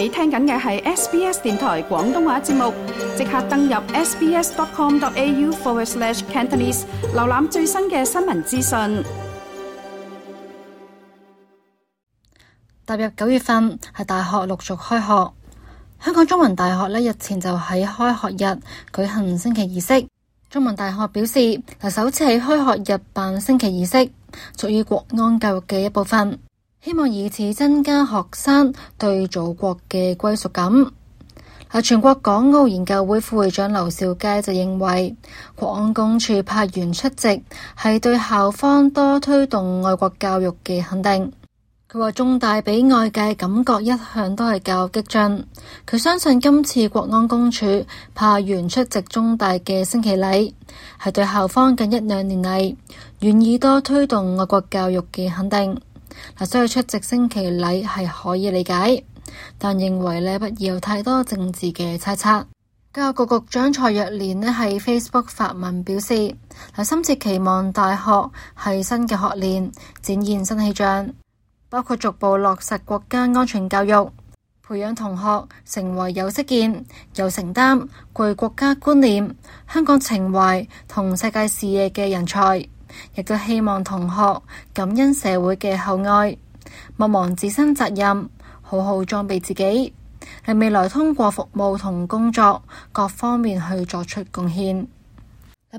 你聽緊嘅係 SBS 電台廣東話節目，即刻登入 sbs.com.au/cantonese an 瀏覽最新嘅新聞資訊。踏入九月份，係大學陸續開學。香港中文大學呢，日前就喺開學日舉行升旗儀式。中文大學表示，嗱，首次喺開學日辦升旗儀式，屬於國安教育嘅一部分。希望以此增加學生對祖國嘅歸屬感。全國港澳研究會副會長劉兆佳就認為，國安公署派員出席係對校方多推動愛國教育嘅肯定。佢話，中大俾外界感覺一向都係較激進。佢相信今次國安公署派員出席中大嘅升旗禮，係對校方近一兩年嚟願意多推動愛國教育嘅肯定。嗱，所以出席升旗禮係可以理解，但認為咧不要太多政治嘅猜測。教育局局長蔡若蓮咧喺 Facebook 發文表示，嗱，深切期望大學係新嘅學年展現新氣象，包括逐步落實國家安全教育，培養同學成為有識見、有承擔、具國家觀念、香港情懷同世界視野嘅人才。亦都希望同學感恩社會嘅厚愛，勿忘自身責任，好好裝備自己，喺未來通過服務同工作各方面去作出貢獻。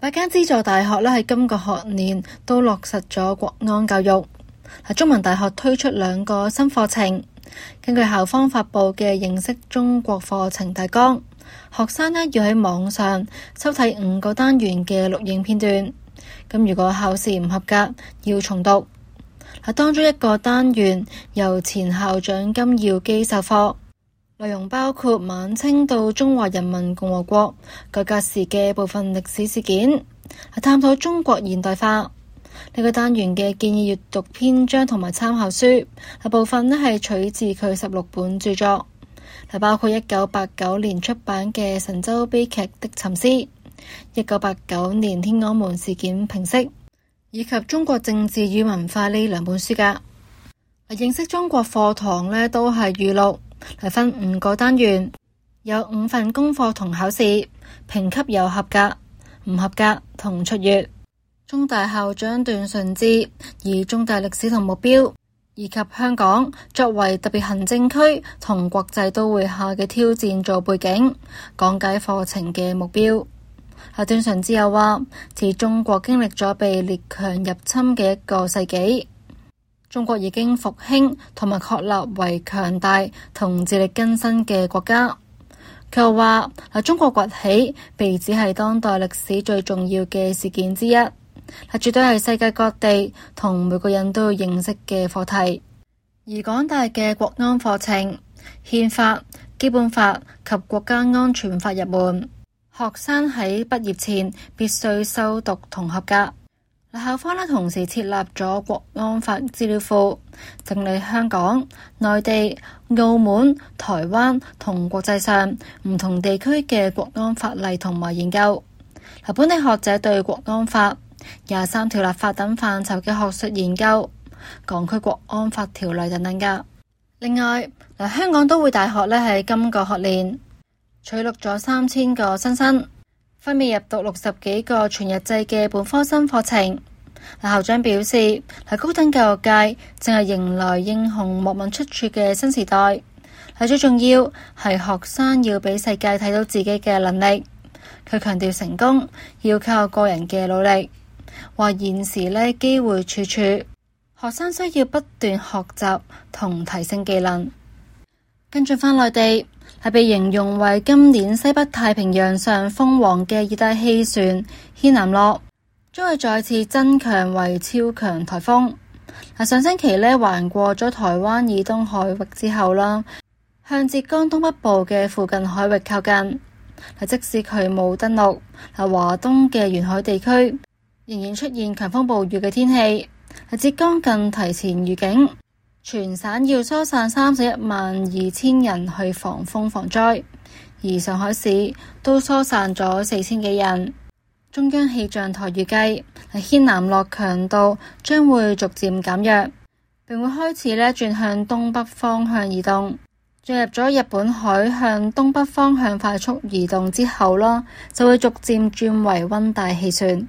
八間資助大學咧喺今個學年都落實咗國安教育。喺中文大學推出兩個新課程，根據校方發布嘅認識中國課程大綱，學生咧要喺網上收睇五個單元嘅錄影片段。咁如果考試唔合格，要重讀。嗱，當中一個單元由前校長金耀基授課，內容包括晚清到中華人民共和國改革時嘅部分歷史事件，係探討中國現代化呢個單元嘅建議閱讀篇章同埋參考書，係部分咧係取自佢十六本著作，係包括一九八九年出版嘅《神州悲劇的沉思》。一九八九年天安門事件平息，以及中國政治與文化呢兩本書㗎。認識中國課堂呢都係預錄嚟，分五個單元，有五份功課同考試評級，有合格、唔合格同卓越。中大校長段崇智以中大歷史同目標，以及香港作為特別行政區同國際都會下嘅挑戰做背景講解課程嘅目標。係段崇智又話：自中國經歷咗被列強入侵嘅一個世紀，中國已經復興同埋確立為強大同自力更生嘅國家。佢又話：中國崛起被指係當代歷史最重要嘅事件之一，係絕對係世界各地同每個人都要認識嘅課題。而港大嘅國安課程、憲法、基本法及國家安全法入門。學生喺畢業前必須修讀同合格。校方咧同時設立咗國安法資料庫，整理香港、內地、澳門、台灣同國際上唔同地區嘅國安法例同埋研究。本地學者對國安法廿三條立法等範疇嘅學術研究、港區國安法條例等等噶。另外，嗱香港都會大學咧喺今個學年。取錄咗三千個新生，分別入讀六十幾個全日制嘅本科生課程。校長表示，喺高等教育界正係迎來英雄莫問出處嘅新時代。係最重要，係學生要俾世界睇到自己嘅能力。佢強調，成功要靠個人嘅努力。話現時呢機會處處，學生需要不斷學習同提升技能。跟住返內地。係被形容為今年西北太平洋上風王嘅熱帶氣旋軒嵐諾，將會再次增強為超強颱風。嗱，上星期咧橫過咗台灣以東海域之後啦，向浙江東北部嘅附近海域靠近。係即使佢冇登陸，係華東嘅沿海地區仍然出現強風暴雨嘅天氣。係浙江更提前預警。全省要疏散三十一萬二千人去防風防災，而上海市都疏散咗四千幾人。中央氣象台預計，軒嵐諾強度將會逐漸減弱，並會開始咧轉向東北方向移動。進入咗日本海向東北方向快速移動之後咯，就會逐漸轉為溫帶氣旋。